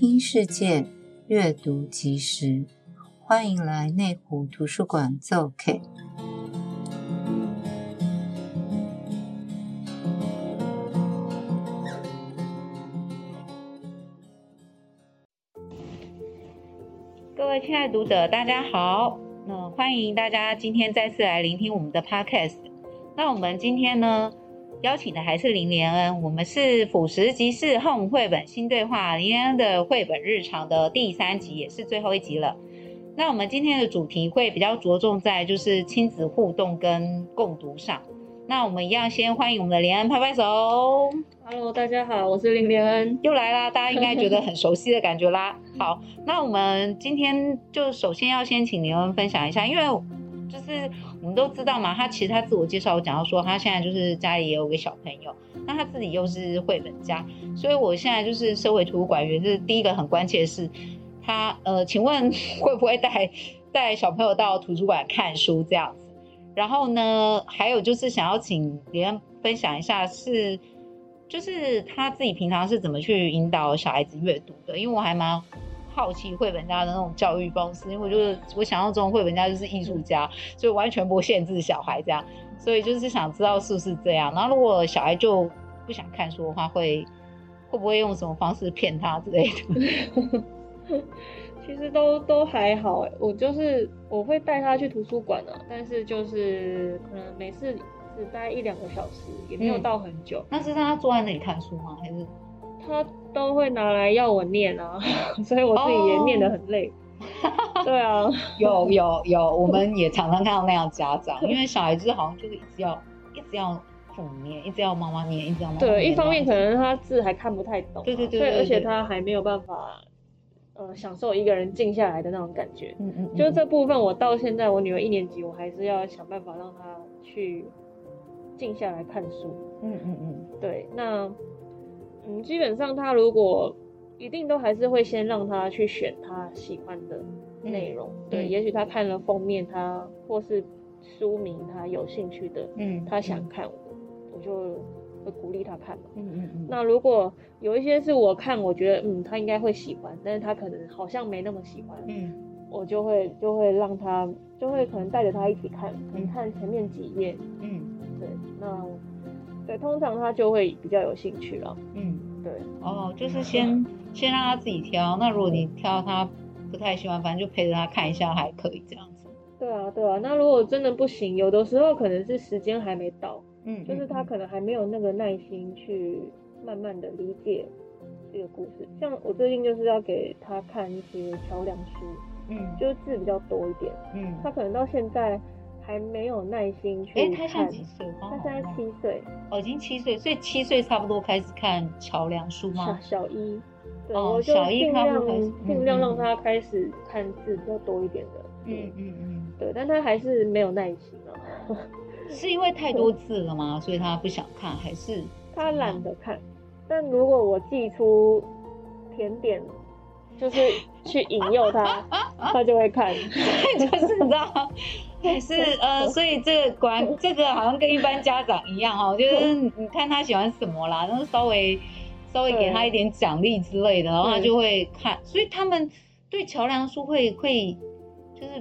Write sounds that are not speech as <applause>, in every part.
聽世界，閱讀即時，歡迎來內湖圖書館做客。各位親愛的讀者，大家好！歡迎大家今天再次來聆聽我們的 Podcast。那我們今天呢，邀請的還是林廉恩，我們是《俯拾即是》Home 繪本心對話，廉恩的繪本日常的第三集，也是最後一集了。那我們今天的主題會比較着重在就是親子互動跟共讀上。那我們一樣先歡迎我們的廉恩拍拍手。Hello，大家好，我是林廉恩，又來啦，大家應該覺得很熟悉的感覺啦。 <laughs> 好，那我們今天就首先要先請廉恩分享一下，因為。就是我們都知道嘛，他其實他自我介紹，我講到說他現在就是家裡也有個小朋友，那他自己又是繪本家，所以我現在就是身為圖書館員，就是第一個很關切的是，他呃，請問會不會帶帶小朋友到圖書館看書這樣子？然後呢，還有就是想要請您分享一下是，是就是他自己平常是怎麼去引導小孩子閱讀的？因為我還蠻。好奇繪本家的那種教育方式，因為我覺得我想象中繪本家就是藝術家，所以完全不限制小孩這樣，所以就是想知道是不是這樣。然後如果小孩就不想看書的話，會會不會用什麼方式騙他之類的？其實都都還好、欸，我就是我會帶他去圖書館呢、啊，但是就是可能、嗯、每次只待一兩個小時，也沒有到很久。嗯、那是讓他坐在那裡看書嗎？還是？他都會拿來要我念啊，所以我自己也念得很累。Oh. <laughs> 對啊，有有有，我們也常常看到那樣家長， <laughs> 因為小孩子好像就是一直要一直要念，一直要媽媽念，一直要媽媽。對，一方面可能他字還看不太懂，啊，對對對，對，而且他還沒有辦法，呃，享受一個人靜下來的那種感覺。嗯嗯，嗯，就是這部分，我到現在我女兒一年級，我還是要想辦法讓她去靜下來看書。嗯嗯嗯，對，那。嗯，基本上他如果一定都還是會先讓他去選他喜歡的內容、嗯對，對，也許他看了封面，他或是書名，嗯、他有興趣的，嗯，他想看我，我、嗯、我就會鼓勵他看嘛，嗯嗯。那如果有一些是我看，我覺得嗯，他應該會喜歡，但是他可能好像沒那麼喜歡，嗯，我就會就會讓他，就會可能帶着他一起看，可能、嗯、看前面幾頁，嗯，對，那。對，通常他就會比較有興趣了。嗯，對。哦，就是先、嗯、先讓他自己挑。那如果你挑他不太喜歡，反正就陪着他看一下，還可以這樣子。對啊，對啊。那如果真的不行，有的時候可能是時間還沒到。嗯。就是他可能還沒有那個耐心去慢慢的理解這個故事。像我最近就是要給他看一些橋樑書。嗯。就是字比較多一點。嗯。他可能到現在。還沒有耐心去看。哎、欸，他現在幾歲？他現在七歲。哦，已經七歲，所以七歲差不多開始看橋梁書嗎？小一。哦，小一。盡、哦、量盡、嗯嗯、量讓他開始看字比較多一點的。嗯嗯嗯。對，但他還是沒有耐心啊。是因為太多字了嗎？所以他不想看，還是？他懶得看。但如果我寄出甜點，就是去引誘他、啊啊啊啊，他就會看。對， <laughs> 就是這 <laughs> 也是呃， <laughs> 所以這個管這個好像跟一般家長一樣哈，就是你看他喜歡什麼啦，然後稍微稍微給他一點獎勵之類的，然後他就會看。所以他們對橋樑書會會就是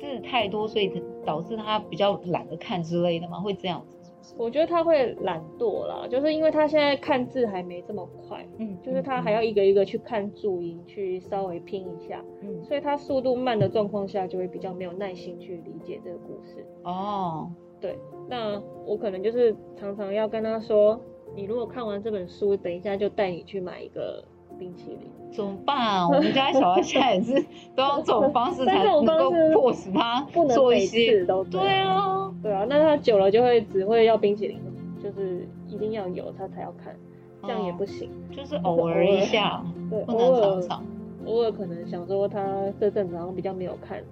字太多，所以導致他比較懶得看之類的嘛，會這樣子？我覺得他會懶惰啦，就是因為他現在看字還沒這麼快，嗯,就是他還要一個一個去看注音，去稍微拼一下，嗯，所以他速度慢的狀況下就會比較沒有耐心去理解這個故事。哦，Oh，對，那我可能就是常常要跟他說，你如果看完這本書，等一下就帶你去買一個。冰淇淋怎麼辦啊？我們家小孩現在也是，都用這種方式才能夠迫使他做一些不能都。對啊，對啊，那他久了就會只會要冰淇淋，就是一定要有他才要看，這樣也不行。嗯，就是偶爾一下，對，偶爾嚐嚐，偶爾可能想說他這陣子好像比較沒有看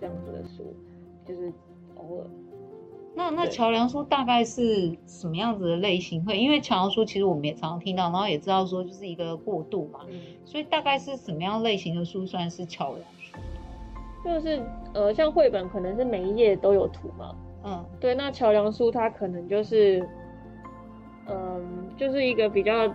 這樣子的書，就是偶爾。那那橋樑書大概是什麼樣子的類型？會因為橋樑書其實我們也常常聽到，然後也知道說就是一個過渡嘛，嗯、所以大概是什麼樣類型的書算是橋樑書？就是呃，像繪本可能是每一頁都有圖嘛。嗯，對。那橋樑書它可能就是，嗯、呃，就是一個比較。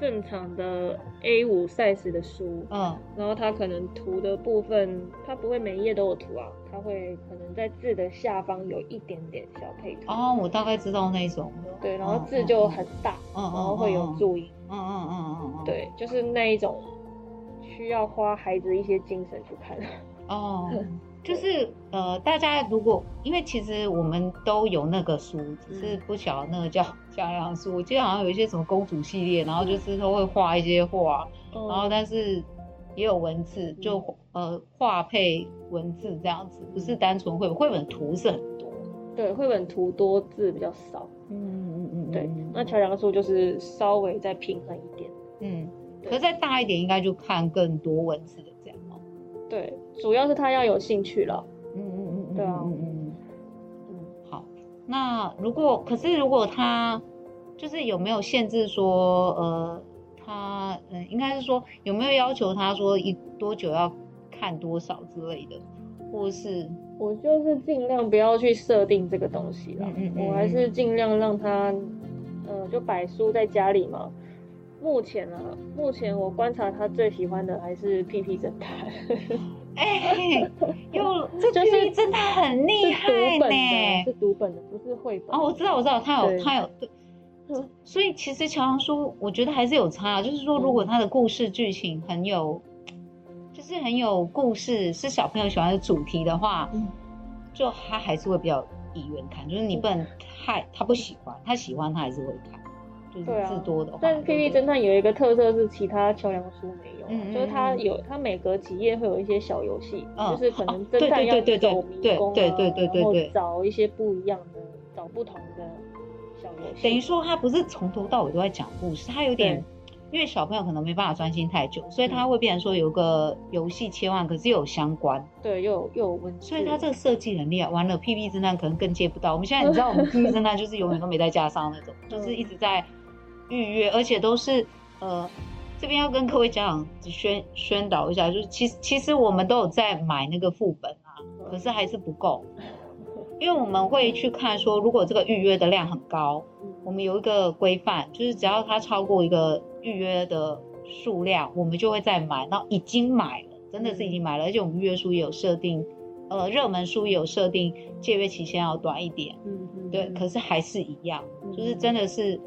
正常的 A5 size 的書，嗯，然後他可能圖的部分，他不會每一頁都有圖啊，他會可能在字的下方有一點點小配圖。哦，我大概知道那一種。對、嗯，然後字就很大，嗯，嗯然後會有注音。嗯嗯嗯嗯嗯，嗯，嗯，對，就是那一種需要花孩子一些精神去看。哦、嗯 <laughs> 就是呃，大家如果因為其實我們都有那個書，只是不曉得那個叫。嗯橋梁書，我記得好像有一些什麼公主系列，然後就是他會畫一些畫、嗯，然後但是也有文字，就、嗯、呃畫配文字這樣子，不是單純繪本，繪本圖是很多，對，繪本圖多字比較少，嗯嗯嗯嗯，對，那橋梁書就是稍微再平衡一點，嗯，可是再大一點應該就看更多文字的這樣，對，主要是他要有興趣了，嗯嗯嗯，對啊，嗯嗯嗯，好，那如果可是如果他。就是有沒有限制說，呃，他嗯、呃，應該是說有沒有要求他說一多久要看多少之類的，或是？我就是盡量不要去設定這個東西了、嗯嗯嗯。我還是盡量讓他，嗯、呃，就擺書在家裡嘛。目前呢、啊，目前我觀察他最喜歡的還是《屁屁偵探》 <laughs> 欸。哎呦，這就是真的很厲害、欸就是，是讀本的，是讀本的，不是繪本。哦，我知道，我知道，他有，他有，他有嗯、所以其實橋梁書，我覺得還是有差、啊。就是說，如果他的故事劇情很有、嗯，就是很有故事，是小朋友喜歡的主題的話，嗯、就他還是會比較意願看。就是你不能太、嗯，他不喜歡，他喜歡他還是會看。就是字多的話、啊。但《屁屁偵探》有一個特色是其他橋梁書沒有、啊嗯，就是他有他每隔幾頁會有一些小遊戲、嗯，就是可能偵探要走迷宮、啊啊、對，對，對，對，對，對對對對對，找一些不一樣的，找不同的。等於說他不是從頭到尾都在講故事，他有點，因為小朋友可能沒辦法專心太久、嗯，所以他會變成說有個遊戲切換，可是又有相關，對，又有又有文字，所以他這個設計很厲害，玩了《屁屁偵探》可能更接不到。我們現在你知道，我們《屁屁偵探》就是永遠都沒在架上那種， <laughs> 就是一直在預約，而且都是呃，這邊要跟各位家長宣宣導一下，就是其實其實我們都有在買那個副本啊，嗯、可是還是不夠。因為我們會去看說，如果這個預約的量很高，我們有一個規範，就是只要它超過一個預約的數量，我們就會再買。那已經買了，真的是已經買了，而且我們預約書也有設定，呃，熱門書也有設定借閱期限要短一點。嗯對。可是還是一樣，就是真的是，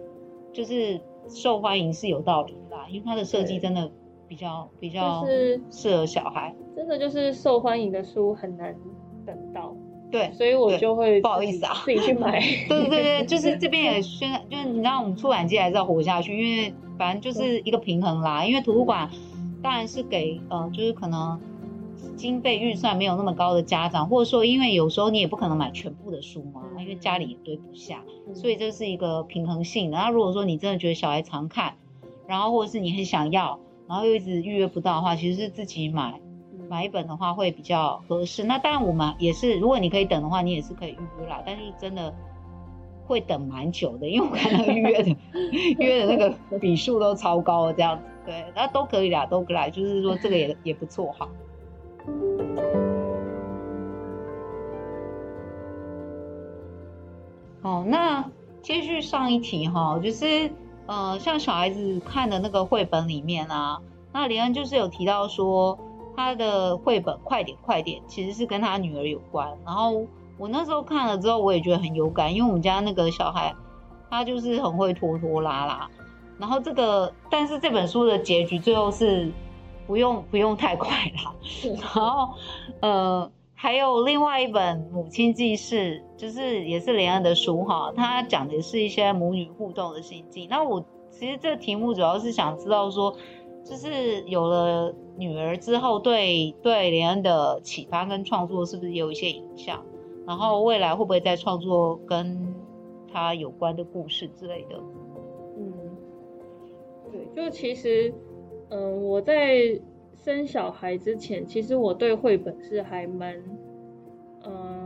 就是受歡迎是有道理的啦，因為它的設計真的比較比較是適合小孩，就是、真的就是受歡迎的書很難等到。對，所以我就會不好意思啊，自己去買。 <laughs> 對對對，就是這邊也宣傳， <laughs> 就是你知道我們出版界還是要活下去，因為反正就是一個平衡啦。因為圖書館當然是給呃，就是可能經費預算沒有那麼高的家長，或者說因為有時候你也不可能買全部的書嘛，因為家裡也堆不下，所以這是一個平衡性。然後如果說你真的覺得小孩常看，然後或者是你很想要，然後又一直預約不到的話，其實是自己買。買一本的話會比較合適。那當然，我們也是。如果你可以等的話，你也是可以預約啦。但是真的會等蠻久的，因為我看到預約的預 <laughs> 約的那個筆數都超高這樣子。對，那都可以啦，都可以。就是說，這個也也不錯哈。好，好，那接續上一題哈，就是呃，像小孩子看的那個繪本裡面啊，那廉恩就是有提到說，他的繪本《快點快點》其實是跟他女兒有關，然後我那時候看了之後，我也覺得很有感，因為我們家那個小孩他就是很會拖拖拉拉，然後這個但是這本書的結局最後是不用不用太快了，然後呃還有另外一本《母親記事》，就是也是廉恩的書哈，他講的是一些母女互動的心境。那我其實這題目主要是想知道說。就是有了女兒之後，對對廉恩的啟發跟創作是不是有一些影響？然後未來會不會再創作跟他有關的故事之類的？嗯，對，就其實，嗯、呃，我在生小孩之前，其實我對繪本是還蠻，嗯、呃。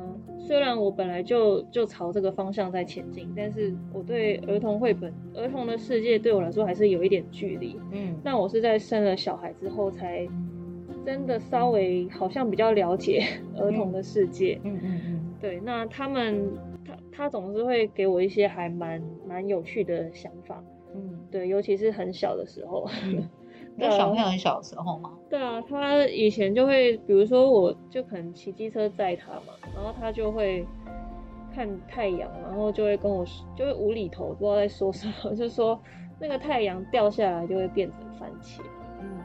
雖然我本來就就朝這個方向在前進，但是我對兒童繪本、兒童的世界對我來說還是有一點距離。嗯，那我是在生了小孩之後才真的稍微好像比較了解兒童的世界。嗯嗯，嗯，嗯，對，那他們他他總是會給我一些還蠻蠻有趣的想法。嗯，對，尤其是很小的時候。 <laughs> 那小朋友很小的時候嗎？對啊，他以前就會，比如說，我就可能騎機車載他嘛，然後他就會看太陽，然後就會跟我說，就會無厘頭不知道在說什麼，就說那個太陽掉下來就會變成番茄。嗯，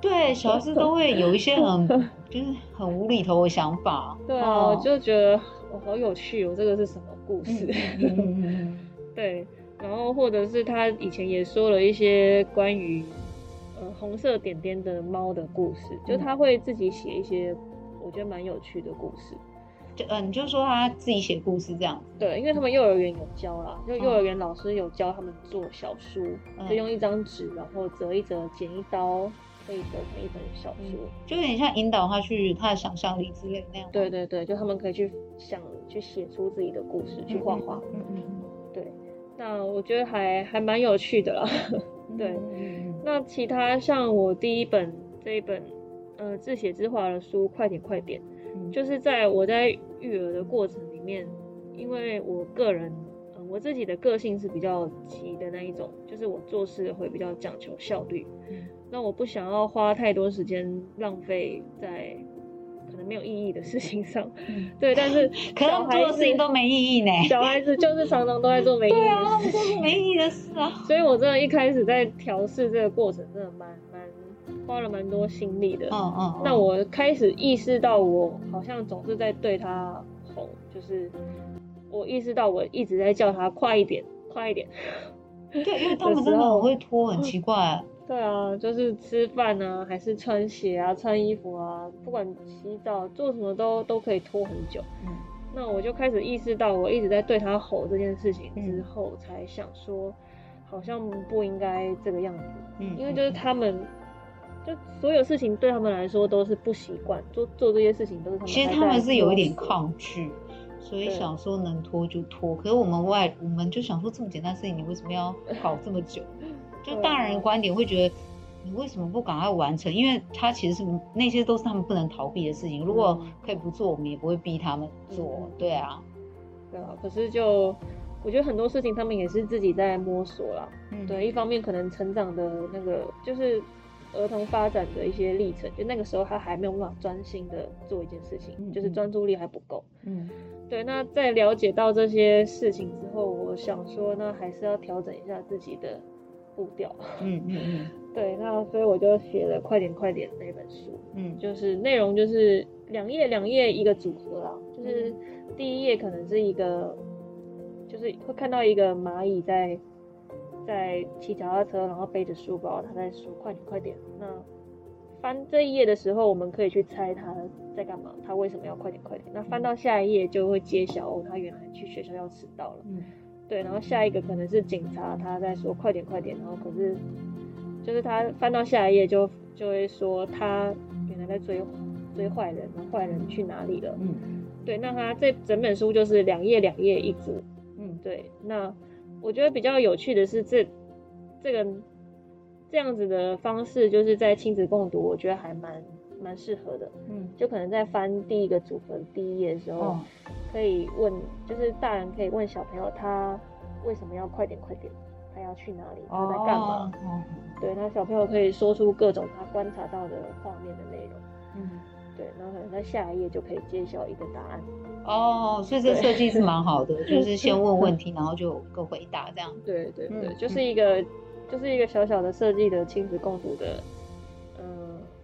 對，小孩子都會有一些很 <laughs> 就是很無厘頭的想法。對啊，我、哦、就覺得我、哦、好有趣，哦，我這個是什麼故事？嗯、 <laughs> 對，然後或者是他以前也說了一些關於。嗯、紅色點點的貓的故事，嗯，就他會自己寫一些，我覺得蠻有趣的故事。就呃，你就說他自己寫故事這樣？對，因為他們幼兒園有教啦，嗯、就幼兒園老師有教他們做小書，嗯、就用一張紙，然後折一折，剪一刀，可以折成一本小書，嗯，就有點像引導他去他的想象力之類那樣。對對對，就他們可以去想，去寫出自己的故事，嗯，去畫畫，嗯。對，那我覺得還還蠻有趣的啦。嗯、 <laughs> 對。嗯那其他像我第一本這一本，呃，自寫自畫的書《快點快點》，嗯，就是在我在育兒的過程裡面，因為我個人，呃，我自己的個性是比較急的那一種，就是我做事會比較講求效率，嗯，那我不想要花太多時間浪費在。可能沒有意義的事情上，對，但是可能做的事情都沒意義呢。小孩子就是常常都在做沒意義的事 <laughs> 對啊，他們做沒意義的事啊。所以，我真的一開始在調試這個過程，真的蠻蠻花了蠻多心力的。哦、嗯、哦、嗯嗯。那我開始意識到，我好像總是在對他吼，就是我意識到我一直在叫他快一點，快一點。對， <laughs> 因為他們真的會拖，很奇怪。嗯對啊，就是吃飯啊，還是穿鞋啊、穿衣服啊，不管洗澡做什麼都都可以拖很久。嗯，那我就開始意識到我一直在對他吼這件事情之後，嗯、才想說，好像不應該這個樣子。嗯，嗯，嗯，因為就是他們，就所有事情對他們來說都是不習慣，做做這些事情都是他們。其實他們是有一點抗拒，所以想說能拖就拖。可是我們外我們就想說這麼簡單事情，你為什麼要搞這麼久？ <laughs> 就大人的觀點會覺得，你為什麼不趕快完成？因為他其實是那些都是他們不能逃避的事情。如果可以不做，我們也不會逼他們做。對啊對，對啊。可是就我覺得很多事情他們也是自己在摸索啦。嗯。對，一方面可能成長的那個就是兒童發展的一些歷程。就那個時候他還沒有辦法專心的做一件事情，嗯、就是專注力還不夠。嗯。對，那在了解到這些事情之後，我想說，那還是要調整一下自己的。步調，嗯嗯， <laughs> 對，那所以我就寫了《快點快點》那本書，嗯，就是內容就是兩頁兩頁一個組合啦。就是第一頁可能是一個，就是會看到一個螞蟻在在騎腳踏車，然後背着書包，他在說快點快點。那翻這一頁的時候，我們可以去猜他在幹嘛，他為什麼要快點快點？那翻到下一頁就會揭曉哦，他原來去學校要遲到了。嗯對，然後下一個可能是警察，他在說快點快點，然後可是，就是他翻到下一頁就就會說他原來在追追壞人，壞人去哪裡了？嗯，對，那他這整本書就是兩頁兩頁一組，嗯，對，那我覺得比較有趣的是這這個這樣子的方式，就是在親子共讀，我覺得還蠻蠻適合的，嗯，就可能在翻第一個組合、嗯、第一頁的時候、哦，可以問，就是大人可以問小朋友，他為什麼要快點快點，他要去哪裡，他在幹嘛、哦？對，那小朋友可以說出各種他觀察到的畫面的內容。嗯，對，那可能在下一頁就可以揭曉一個答案。哦，所以這設計是蠻好的， <laughs> 就是先問問題，然後就有個回答，這樣子。對對對，對，就是一個、嗯、就是一個小小的設計的親子共讀的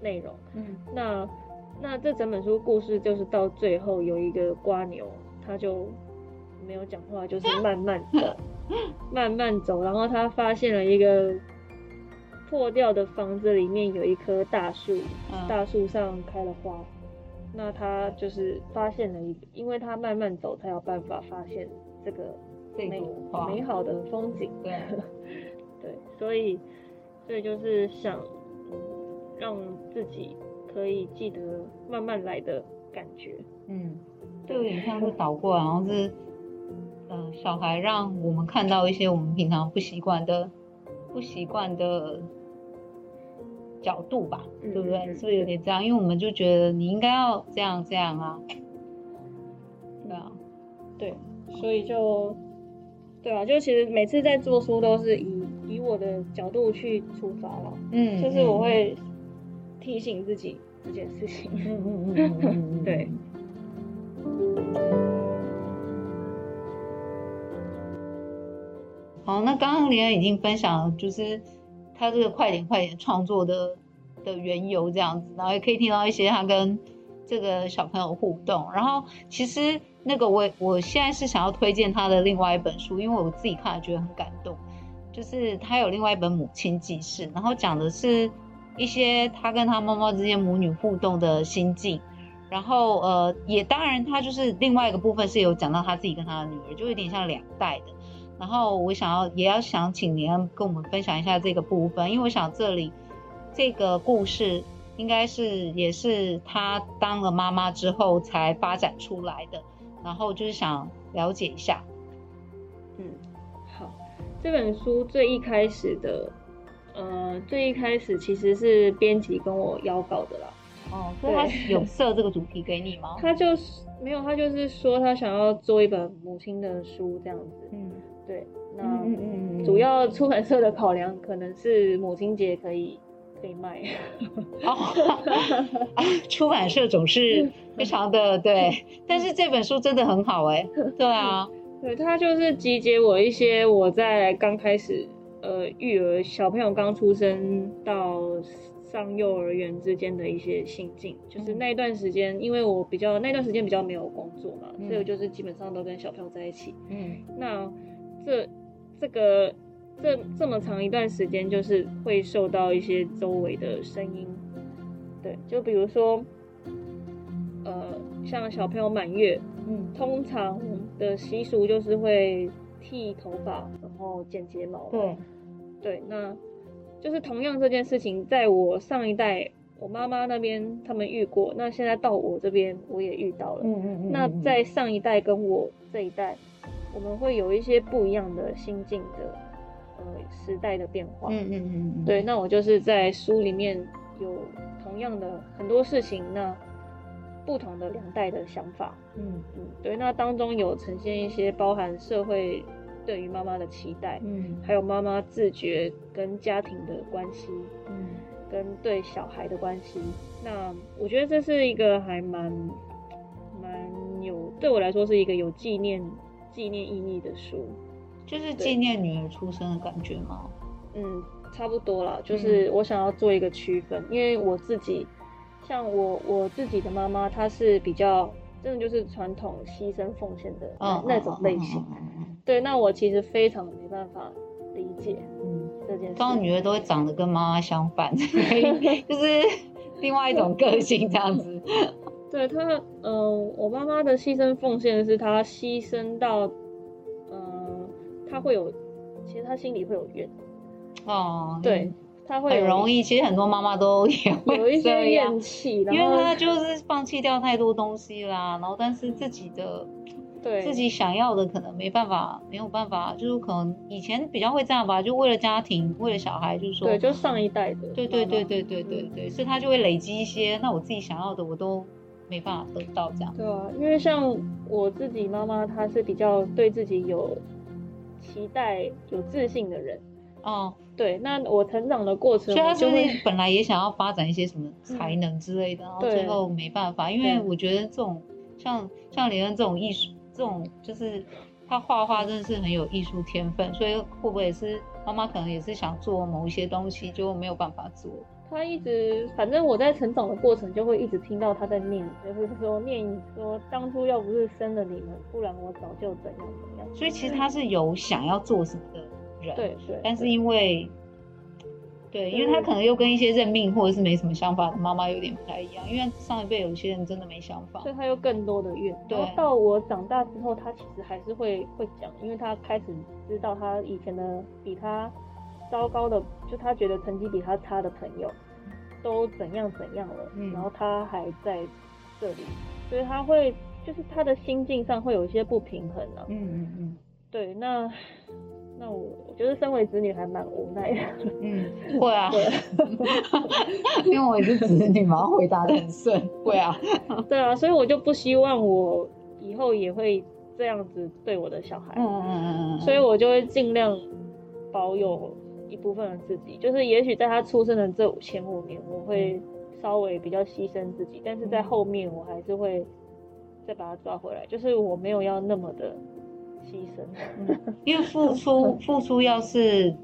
內容，嗯、那那這整本書故事，就是到最後有一個蝸牛，他就沒有講話，就是慢慢的慢慢走，然後他發現了一個破掉的房子，裡面有一棵大樹，嗯，大樹上開了花，那他就是發現了一，因為他慢慢走才有辦法發現這個美這美好的風景，嗯、對、啊， <laughs> 對，所以所以就是想。讓自己可以記得慢慢來的感覺。嗯，對，有點像是倒過來，然後是呃，小孩讓我們看到一些我們平常不習慣的、不習慣的角度吧，對不對？是不是有點這樣？因為我們就覺得你應該要這樣這樣啊。對啊，對，所以就對啊，就其實每次在做書都是以以我的角度去出發了。嗯，就是我會。嗯提醒自己這件事情 <laughs> <laughs> 對。好，那剛剛廉恩已經分享，就是他這個快點快點創作的的緣由這樣子，然後也可以聽到一些他跟這個小朋友互動。然後其實那個我我現在是想要推薦他的另外一本書，因為我自己看了覺得很感動，就是他有另外一本《母親記事》，然後講的是。一些他跟他媽媽之間母女互動的心境，然後呃，也當然他就是另外一個部分是有講到他自己跟他的女兒，就有點像兩代的。然後我想要也要想請您跟我們分享一下這個部分，因為我想這裡這個故事應該是也是他當了媽媽之後才發展出來的。然後就是想了解一下。嗯，嗯，好，這本書最一開始的。呃，最一開始其實是編輯跟我邀稿的啦。哦，所以他有設這個主題給你嗎？他就是沒有，他就是說他想要做一本母親的書這樣子。嗯，對。那，嗯嗯嗯，主要出版社的考量可能是母親節可以可以賣。 <laughs> <laughs> <laughs> 出版社總是非常的對，但是這本書真的很好哎、欸。對啊，對他就是集結我一些我在剛開始。呃，育兒小朋友剛出生到上幼兒園之間的一些心境，嗯、就是那段時間，因為我比較那段時間比較沒有工作嘛，嗯、所以我就是基本上都跟小朋友在一起。嗯，那這這個這這麼長一段時間，就是會受到一些周圍的聲音、嗯，對，就比如說，呃，像小朋友滿月，嗯，通常的習俗就是會。剃頭髮，然後剪睫毛。嗯，對，那就是同樣這件事情，在我上一代，我媽媽那邊他們遇過，那現在到我這邊我也遇到了。嗯嗯嗯嗯嗯。那在上一代跟我這一代，我們會有一些不一樣的心境的，呃，時代的變化。嗯嗯嗯嗯。對，那我就是在書裡面有同樣的很多事情，那不同的兩代的想法。嗯嗯，對，那當中有呈現一些，嗯，包含社會。對於媽媽的期待，嗯，還有媽媽自覺跟家庭的關係，嗯，跟對小孩的關係，那我覺得這是一個還蠻蠻有對我來說是一個有紀念紀念意義的書。就是紀念女兒出生的感覺嗎？嗯，差不多啦。就是我想要做一個區分，嗯，因為我自己像我我自己的媽媽，她是比較真的就是傳統犧牲奉獻的那種類型。對，那我其實非常沒辦法理解，嗯，這件事。所、嗯、女兒都會長得跟媽媽相反， <laughs> <laughs> 就是另外一種個性這樣子。 <laughs> 對他，嗯、呃，我媽媽的犧牲奉獻是，她犧牲到，嗯、呃，她會有，其實她心裡會有怨。哦。對，他會有很容易。其實很多媽媽都也會有一些怨氣、啊，因為她就是放棄掉太多東西啦，然後但是自己的。嗯對，自己想要的可能沒辦法，沒有辦法，就是可能以前比較會這樣吧，就為了家庭，為了小孩，就是說，對，就上一代的，對對對對對對對，對、嗯，所以他就會累積一些，那我自己想要的我都沒辦法得到這樣。對啊，因為像我自己媽媽，她是比較對自己有期待、有自信的人。哦、嗯，對，那我成長的過程，就她就會本來也想要發展一些什麼才能之類的，嗯、然後最後沒辦法，因為我覺得這種、嗯、像像廉恩這種藝術。這種就是他畫畫真的是很有藝術天分，所以會不會也是媽媽可能也是想做某一些東西就沒有辦法做？他一直反正我在成長的過程就會一直聽到他在念，就是說念說當初要不是生了你們，不然我早就怎樣怎樣。所以其實他是有想要做什麼的人，對對對對，但是因為。對，因為他可能又跟一些認命或者是沒什麼想法的媽媽有點不太一樣，因為上一輩有些人真的沒想法。所以他又更多的怨。對。到我長大之後，他其實還是會會講，因為他開始知道他以前的比他糟糕的，就他覺得成績比他差的朋友都怎樣怎樣了。嗯，然後他還在這裡，所以他會就是他的心境上會有一些不平衡了啊。嗯嗯嗯。對，那那我。就是身為子女還蠻無奈的，嗯，會 <laughs> 啊，因為我是子女嘛，回答得很順，會啊， <laughs> 對啊，所以我就不希望我以後也會這樣子對我的小孩，嗯嗯嗯，所以我就會盡量保有一部分的自己，就是也許在他出生的這前五年，我會稍微比較犧牲自己，但是在後面我還是會再把他抓回來，就是我沒有要那麼的。犧 <laughs> 牲、嗯，因為付出付出要是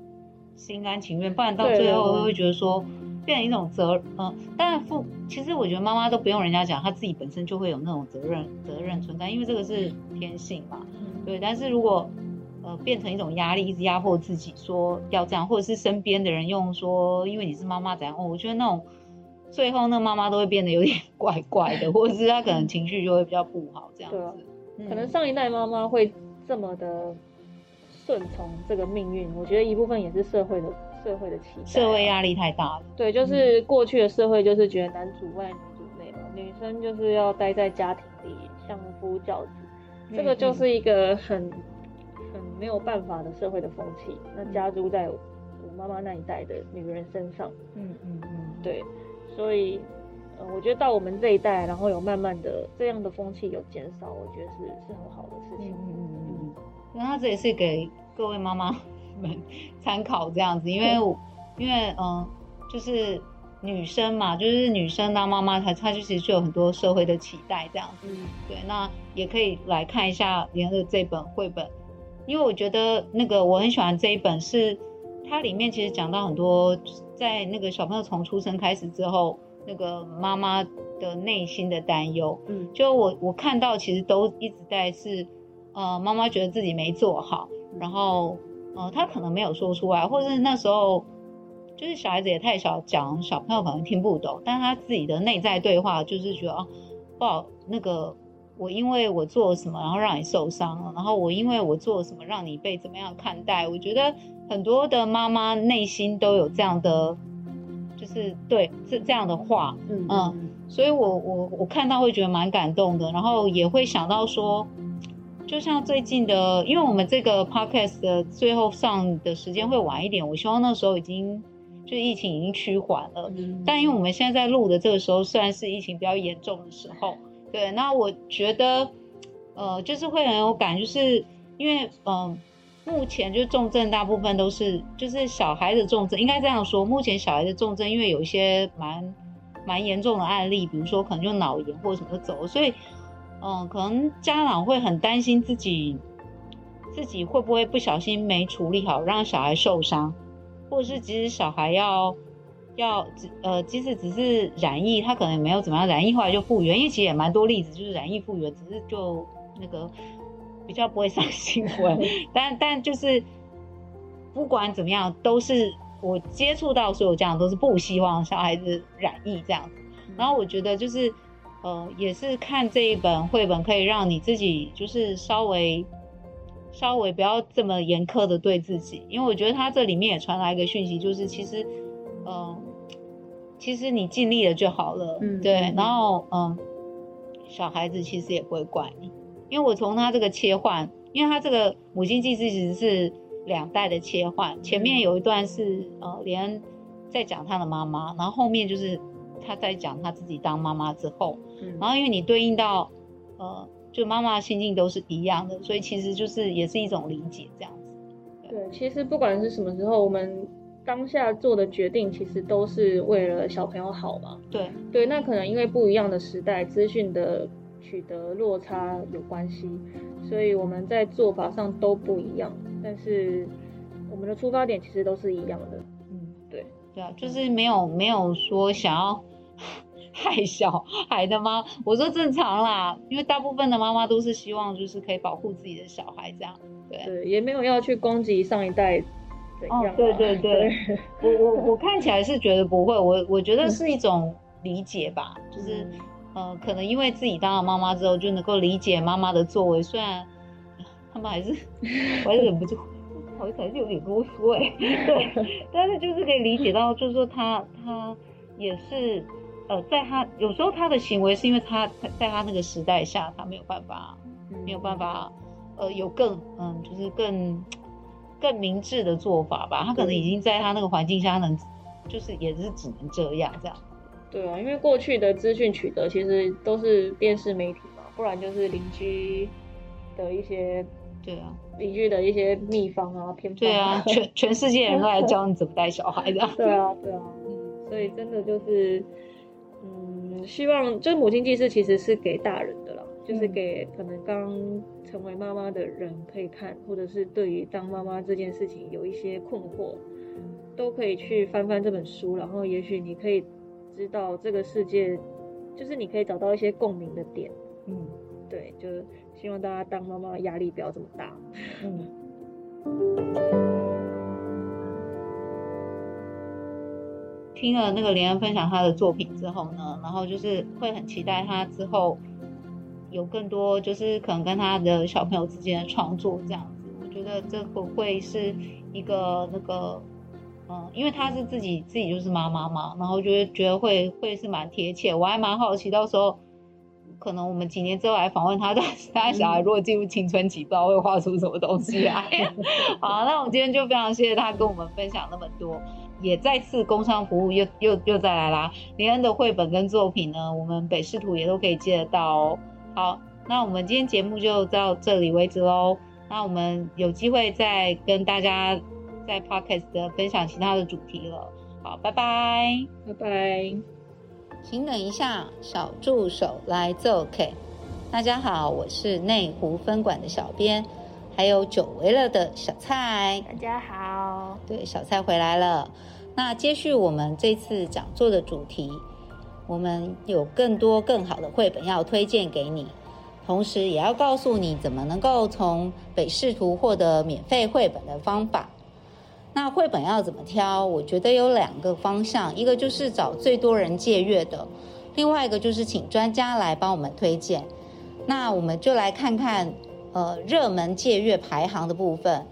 心甘情願， <laughs> 不然到最後會覺得說變成一種責、哦、嗯，但付其實我覺得媽媽都不用人家講，她自己本身就會有那種責任責任存在，因為這個是天性嘛，對。但是如果、呃、變成一種壓力，一直壓迫自己說要這樣，或者是身邊的人用說因為你是媽媽怎樣哦，然後我覺得那種最後那媽媽都會變得有點怪怪的， <laughs> 或者是她可能情緒就會比較不好這樣子。啊嗯、可能上一代媽媽會。這麼的順從這個命運，我覺得一部分也是社會的社會的期待、啊，社會壓力太大了。對，就是過去的社會就是覺得男主外女主內嘛，嗯、女生就是要待在家庭裡相夫教子嗯嗯，這個就是一個很，很沒有辦法的社會的風氣、嗯。那加諸在我媽媽那一代的女人身上，嗯嗯嗯，對，所以。呃、我覺得到我們這一代，然後有慢慢的這樣的風氣有減少，我覺得是是很好的事情。嗯嗯嗯。那這也是給各位媽媽們參考這樣子，因為因為嗯，就是女生嘛，就是女生當媽媽，她她就其實就有很多社會的期待這樣子。嗯、對，那也可以來看一下廉恩這本繪本，因為我覺得那個我很喜歡這一本是，是它裡面其實講到很多在那個小朋友從出生開始之後。那個媽媽的內心的擔憂，嗯，就我我看到其實都一直在是，呃，媽媽覺得自己沒做好，然後，呃，他可能沒有說出來，或是那時候，就是小孩子也太小，講小朋友可能聽不懂，但是他自己的內在對話就是覺得、啊、不好，那個我因為我做了什麼，然後讓你受傷了，然後我因為我做了什麼，讓你被怎麼樣看待？我覺得很多的媽媽內心都有這樣的。就是對，這這樣的話，嗯嗯，所以我我我看到會覺得蠻感動的，然後也會想到說，就像最近的，因為我們這個 podcast 的最後上的時間會晚一點，我希望那時候已經就是、疫情已經趨緩了、嗯，但因為我們現在在錄的這個時候，雖然是疫情比較嚴重的時候，對，那我覺得，呃，就是會很有感，就是因為嗯。呃目前就重症大部分都是，就是小孩子重症，應該這樣說。目前小孩子重症，因為有一些蠻蠻嚴重的案例，比如說可能就腦炎或者什麼就走，所以嗯，可能家長會很擔心自己自己會不會不小心沒處理好，讓小孩受傷，或者是即使小孩要要呃即使只是染疫，他可能也沒有怎麼樣，染疫後來就復原，因為其實也蠻多例子，就是染疫復原，只是就那個。比較不會上新聞， <laughs> 但、但就是不管怎麼樣，都是我接觸到所有家長都是不希望小孩子染疫這樣子。嗯。然後我覺得就是，呃，也是看這一本繪本可以讓你自己就是稍微稍微不要這麼嚴苛的對自己，因為我覺得他這裡面也傳來一個訊息，就是其實，呃，其實你盡力了就好了，嗯嗯嗯，對。然後，嗯，呃，小孩子其實也不會怪你。因為我從他這個切換，因為他這個母親記事其實是兩代的切換，前面有一段是呃廉恩在講他的媽媽，然後後面就是他在講他自己當媽媽之後，然後因為你對應到呃就媽媽心境都是一樣的，所以其實就是也是一種理解這樣子對。對，其實不管是什麼時候，我們當下做的決定其實都是為了小朋友好嘛。對對，那可能因為不一樣的時代資訊的。取得落差有關係，所以我們在做法上都不一樣，但是我們的出發點其實都是一樣的。嗯，對對啊，就是沒有沒有說想要害小孩的嗎？我說正常啦，因為大部分的媽媽都是希望就是可以保護自己的小孩這樣。對對，也沒有要去攻擊上一代，啊。哦，對對對，對我我我看起來是覺得不會，我我覺得是一種理解吧，是就是。嗯呃，可能因為自己當了媽媽之後就能夠理解媽媽的作為，雖然他們還是，我還是忍不住， <laughs> 不好像還是有點囉嗦哎。對， <laughs> 但是就是可以理解到，就是說他他也是，呃，在他有時候他的行為是因為他在他那個時代下，他沒有辦法、嗯，沒有辦法，呃，有更嗯，就是更更明智的做法吧。他可能已經在他那個環境下能，就是也是只能這樣這樣。對啊，因為過去的資訊取得其實都是電視媒體嘛，不然就是鄰居的一些對啊，鄰居的一些祕方啊、偏方、啊。對啊，全全世界人都在教你怎麼帶小孩的、 <laughs> 啊。對啊，對啊，嗯，所以真的就是，嗯，希望就是母親記事其實是給大人的啦，嗯、就是給可能剛，剛成為媽媽的人可以看，或者是對於當媽媽這件事情有一些困惑，嗯、都可以去翻翻這本書，然後也許你可以。知道這個世界，就是你可以找到一些共鳴的點。嗯，對，就是希望大家當媽媽壓力不要這麼大。嗯。聽了那個廉恩分享他的作品之後呢，然後就是會很期待他之後有更多，就是可能跟他的小朋友之間的創作這樣子。我覺得這個會是一個那個。嗯，因為他是自己自己就是媽媽嘛，然後覺得覺得會會是蠻貼切。我還蠻好奇，到時候可能我們幾年之後來訪問他，他她小孩，如果進入青春期，不知道會畫出什麼東西來，啊。嗯、 <laughs> 好，那我們今天就非常謝謝他跟我們分享那麼多，也再次工商服務又又又再來啦。廉恩的繪本跟作品呢，我們北市圖也都可以借得到哦。好，那我們今天節目就到這裡為止嘍。那我們有機會再跟大家。在 Podcast 的分享，其他的主題了。好，拜拜，拜拜。請等一下，小助手來做 K、okay。大家好，我是內湖分館的小編，還有久違了的小菜。大家好，對，小菜回來了。那接續我們這次講座的主題，我們有更多更好的繪本要推薦給你，同時也要告訴你怎麼能夠從北市圖獲得免費繪本的方法。那繪本要怎麼挑？我覺得有兩個方向，一個就是找最多人借閱的，另外一個就是請專家來幫我們推薦。那我們就來看看，呃，熱門借閱排行的部分。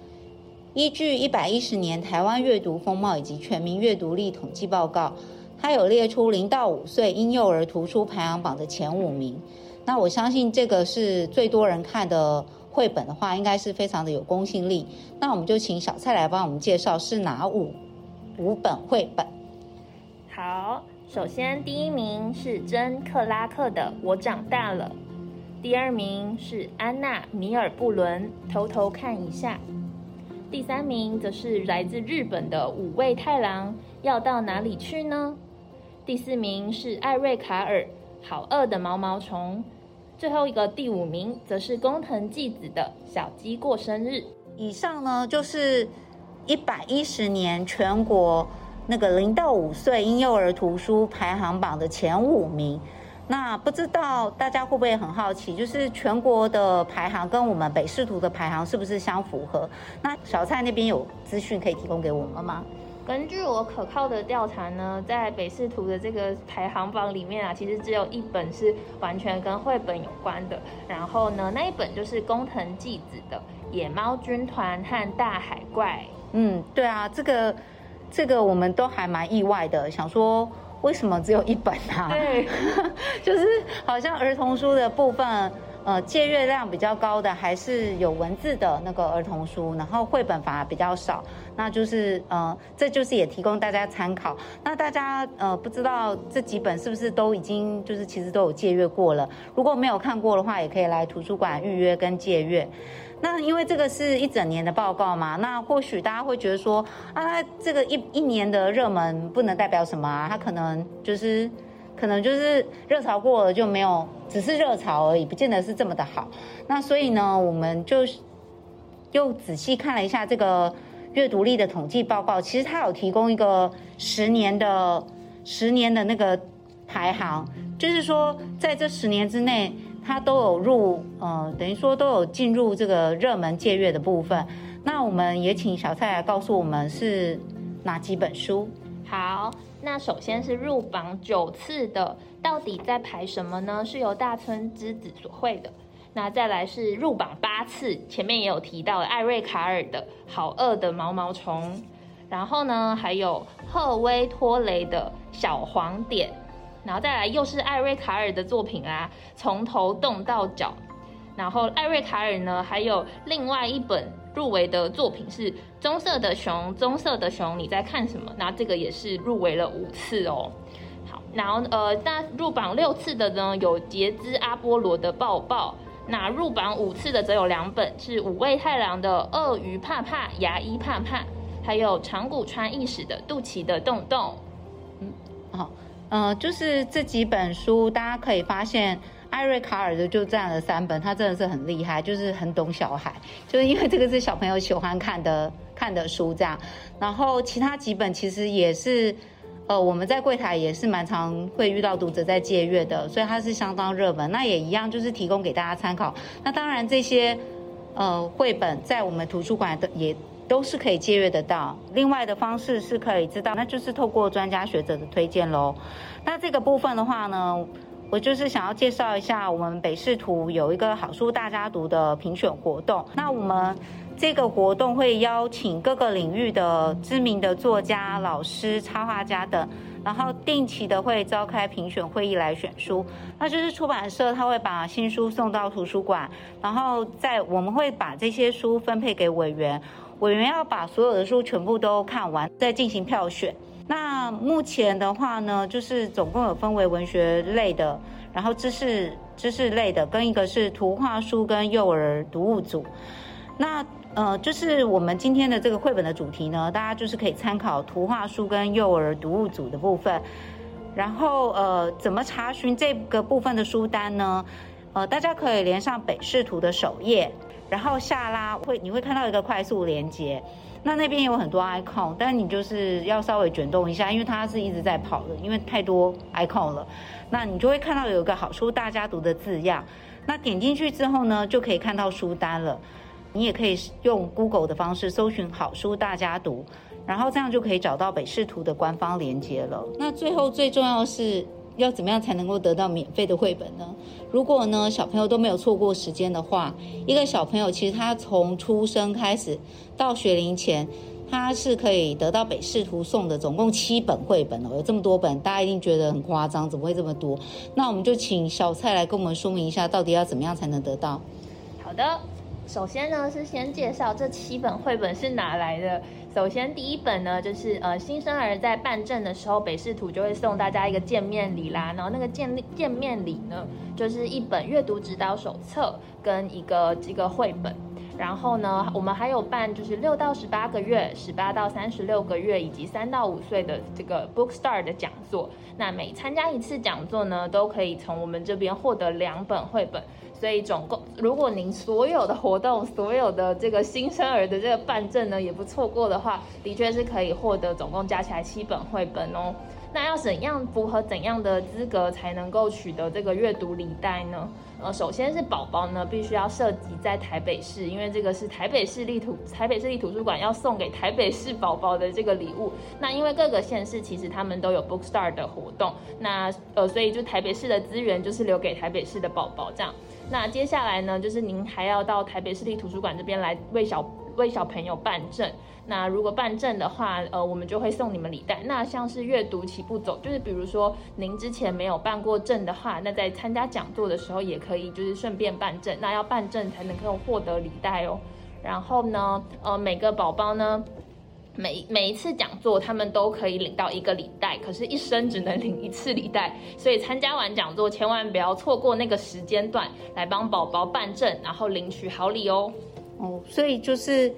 依據一百一十年台灣閱讀風貌以及全民閱讀力統計報告，它有列出零到五歲嬰幼兒圖書排行榜的前五名。那我相信這個是最多人看的。繪本的話，應該是非常的有公信力。那我們就請小菜來幫我們介紹是哪五五本繪本？好，首先第一名是珍克拉克的《我長大了》，第二名是安娜米爾布倫，偷偷看一下，第三名則是來自日本的五味太郎，要到哪裡去呢？第四名是艾瑞卡爾，《好餓的毛毛蟲》。最後一個第五名則是工藤紀子的《小雞過生日》。以上呢，就是一百一十年全國那個零到五歲嬰幼兒圖書排行榜的前五名。那不知道大家會不會很好奇，就是全國的排行跟我們北市圖的排行是不是相符合？那小菜那邊有資訊可以提供給我們嗎？根據我可靠的調查呢，在北市圖的這個排行榜裡面啊，其實只有一本是完全跟繪本有關的。然後呢，那一本就是工藤紀子的《野貓軍團和大海怪》。嗯，對啊，這個這個我們都還蠻意外的，想說為什麼只有一本啊？對， <laughs> 就是好像兒童書的部分。呃，借閱量比較高的還是有文字的那個兒童書，然後繪本反而比較少。那就是呃，這就是也提供大家參考。那大家呃，不知道這幾本是不是都已經就是其實都有借閱過了？如果沒有看過的話，也可以來圖書館預約跟借閱。那因為這個是一整年的報告嘛，那或許大家會覺得說啊，這個一一年的熱門不能代表什麼啊，它可能就是。可能就是熱潮過了就沒有，只是熱潮而已，不見得是這麼的好。那所以呢，我們就又仔細看了一下這個閱讀力的統計報告，其實它有提供一個十年的十年的那個排行，就是說在這十年之內，它都有入呃，等於說都有進入這個熱門借閱的部分。那我們也請小菜來告訴我們是哪幾本書。好。那首先是入榜九次的，到底在排什麼呢？是由大村之子所繪的。那再來是入榜八次，前面也有提到艾瑞卡爾的《好餓的毛毛蟲》，然後呢，還有赫威托雷的《小黃點》，然後再來又是艾瑞卡爾的作品啊，從頭動到腳。然後艾瑞卡爾呢，還有另外一本。入圍的作品是棕色的熊，棕色的熊，的熊你在看什麼？那這個也是入圍了五次哦。好，然後呃爆爆，那入榜六次的呢有傑茲阿波羅的抱抱，那入榜五次的則有兩本，是五味太郎的鱷魚怕怕、牙醫怕怕，還有長谷川義史的肚臍的洞洞。嗯，好，呃，就是這幾本書，大家可以發現。艾瑞卡爾的就這樣的三本，他真的是很厲害，就是很懂小孩，就是因為這個是小朋友喜歡看的看的書這樣。然後其他幾本其實也是，呃，我們在櫃台也是蠻常會遇到讀者在借閱的，所以它是相當熱門。那也一樣，就是提供給大家參考。那當然這些呃繪本在我們圖書館的也都是可以借閱得到。另外的方式是可以知道，那就是透過專家學者的推薦嘍。那這個部分的話呢？我就是想要介紹一下，我們北市圖有一個好書大家讀的評選活動。那我們這個活動會邀請各個領域的知名的作家、老師、插畫家等，然後定期的會召開評選會議來選書。那就是出版社他會把新書送到圖書館，然後在我們會把這些書分配給委員，委員要把所有的書全部都看完，再進行票選。那目前的話呢，就是總共有分為文學類的，然後知識知識類的，跟一個是圖畫書跟幼兒讀物組。那呃，就是我們今天的這個繪本的主題呢，大家就是可以參考圖畫書跟幼兒讀物組的部分。然後呃，怎麼查詢這個部分的書單呢？呃，大家可以連上北市圖的首頁。然後下拉會，你會看到一個快速連接，那那邊有很多 icon，但你就是要稍微捲動一下，因為它是一直在跑的，因為太多 icon 了。那你就會看到有一個好書大家讀的字樣，那點進去之後呢，就可以看到書單了。你也可以用 Google 的方式搜尋好書大家讀，然後這樣就可以找到北市圖的官方連接了。那最後最重要是。要怎麼樣才能夠得到免費的繪本呢？如果呢，小朋友都沒有錯過時間的話，一個小朋友其實他從出生開始到學齡前，他是可以得到北市圖送的總共七本繪本哦，有這麼多本，大家一定覺得很誇張，怎麼會這麼多？那我們就請小菜來跟我們說明一下，到底要怎麼樣才能得到。好的。首先呢，是先介紹這七本繪本是哪來的。首先第一本呢，就是呃新生兒在辦證的時候，北市圖就會送大家一個見面禮啦。然後那個見見面禮呢，就是一本閱讀指導手冊跟一個一個繪本。然後呢，我們還有辦，就是六到十八個月、十八到三十六個月以及三到五歲的這個 Book Star 的講座。那每參加一次講座呢，都可以從我們這邊獲得兩本繪本。所以總共，如果您所有的活動、所有的這個新生兒的這個辦證呢，也不錯過的話，的確是可以獲得總共加起來七本繪本哦。那要怎樣符合怎樣的資格才能夠取得這個閱讀禮袋呢？呃，首先是寶寶呢，必須要設籍在台北市，因為這個是台北市立圖台北市立圖書館要送給台北市寶寶的這個禮物。那因為各個縣市其實他們都有 Bookstart 的活動，那呃，所以就台北市的資源就是留給台北市的寶寶這樣。那接下來呢，就是您還要到台北市立圖書館這邊來為小。為小朋友辦證，那如果辦證的話，呃，我們就會送你們禮袋。那像是閱讀起步走，就是比如說您之前沒有辦過證的話，那在參加講座的時候也可以，就是順便辦證。那要辦證才能夠獲得禮袋哦。然後呢，呃，每個寶寶呢，每每一次講座他們都可以領到一個禮袋，可是，一生只能領一次禮袋。所以參加完講座，千萬不要錯過那個時間段，來幫寶寶辦證，然後領取好禮哦。哦，所以就是，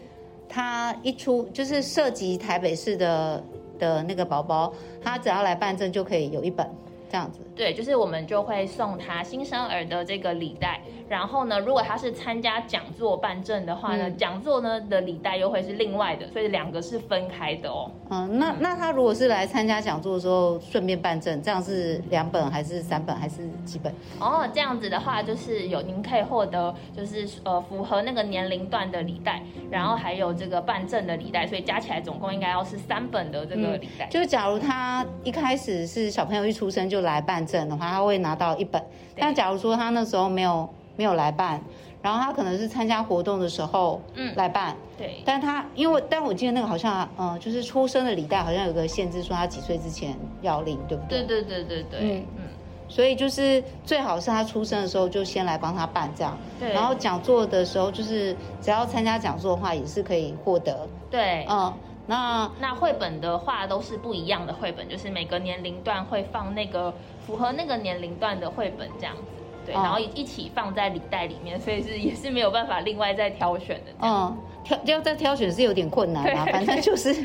他一出就是設籍台北市的的那個寶寶，他只要來辦證就可以有一本，這樣子。對，就是我們就會送他新生兒的這個禮袋。然後呢，如果他是參加講座辦證的話呢，嗯、講座呢的禮袋又會是另外的，所以兩個是分開的哦。嗯，那那他如果是來參加講座的時候、嗯、順便辦證，這樣是兩本還是三本還是幾本？哦，這樣子的話就是有您可以獲得就是呃符合那個年齡段的禮袋，然後還有這個辦證的禮袋，所以加起來總共應該要是三本的這個禮袋、嗯。就是假如他一開始是小朋友一出生就來辦證的話，他會拿到一本。但假如說他那時候沒有。沒有來辦，然後他可能是參加活動的時候來辦，嗯、對，但他因為我但我記得那個好像嗯，就是出生的禮袋好像有個限制，說他幾歲之前要領，對不對？對對對對對、嗯嗯，所以就是最好是他出生的時候就先來幫他辦這樣，對，然後講座的時候就是只要參加講座的話也是可以獲得，對，嗯，那那繪本的話都是不一樣的繪本，就是每個年齡段會放那個符合那個年齡段的繪本這樣子。對，然後一一起放在禮袋裡面，嗯，所以是也是沒有辦法另外再挑選的。嗯，挑要再挑選是有點困難啦，反正就是，對，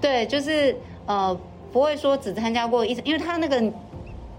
對對就是呃，不會說只參加過一次，因為他那個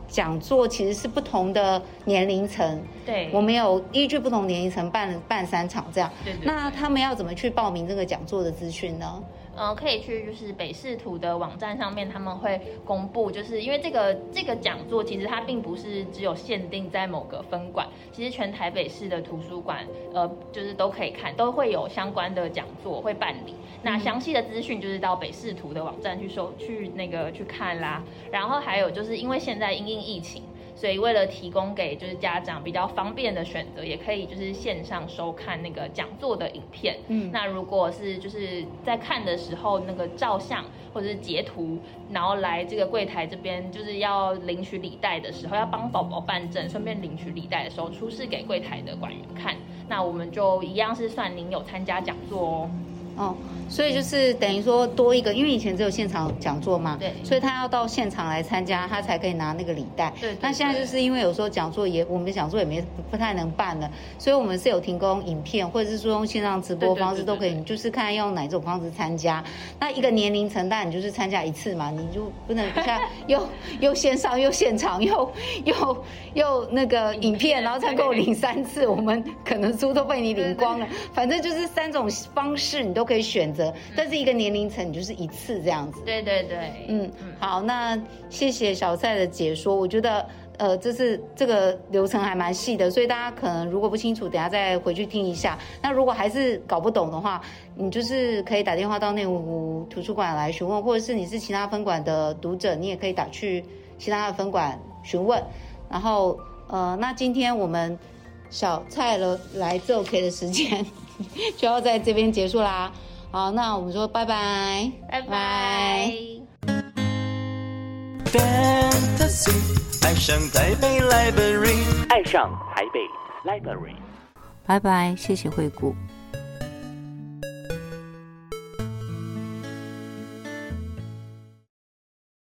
講座其實是不同的年齡層。對，我們有依據不同年齡層辦辦三場這樣。對，對，對，那他們要怎麼去報名這個講座的資訊呢？嗯、呃，可以去就是北市圖的網站上面，他們會公布，就是因為這個這個講座其實它並不是只有限定在某個分館，其實全台北市的圖書館，呃，就是都可以看，都會有相關的講座會辦理。那詳細的資訊就是到北市圖的網站去搜，去那個去看啦。然後還有就是因為現在因應疫情。所以為了提供給就是家長比較方便的選擇，也可以就是線上收看那個講座的影片。嗯，那如果是就是在看的時候，那個照相或者是截圖，然後來這個櫃台這邊就是要領取禮袋的時候，要幫寶寶辦證，順便領取禮袋的時候出示給櫃台的館員看。那我們就一樣是算您有參加講座哦。哦，所以就是等於說多一個，因為以前只有現場講座嘛，對，所以他要到現場來參加，他才可以拿那個禮袋。對，那現在就是因為有時候講座也，我們講座也沒不太能辦了，所以我們是有提供影片或者是說用線上直播方式都可以，就是看用哪一種方式參加。那一個年齡層，但你就是參加一次嘛，你就不能看，又又線上又現場又又又那個影片，然後才給夠領三次，我們可能書都被你領光了。反正就是三種方式，你都。都可以選擇，嗯，但是一個年齡層你就是一次這樣子。對對對，嗯，嗯，好，那謝謝小菜的解說。我覺得，呃，這是這個流程還蠻細的，所以大家可能如果不清楚，等下再回去聽一下。那如果還是搞不懂的話，你就是可以打電話到內湖圖書館來詢問，或者是你是其他分館的讀者，你也可以打去其他的分館詢問。然後，呃，那今天我們小菜了來做 K 的時間。 <laughs> 就要在這邊結束啦，啊，好，那我們說拜拜，拜拜，拜拜 <music> <music> 拜拜，謝謝惠顧。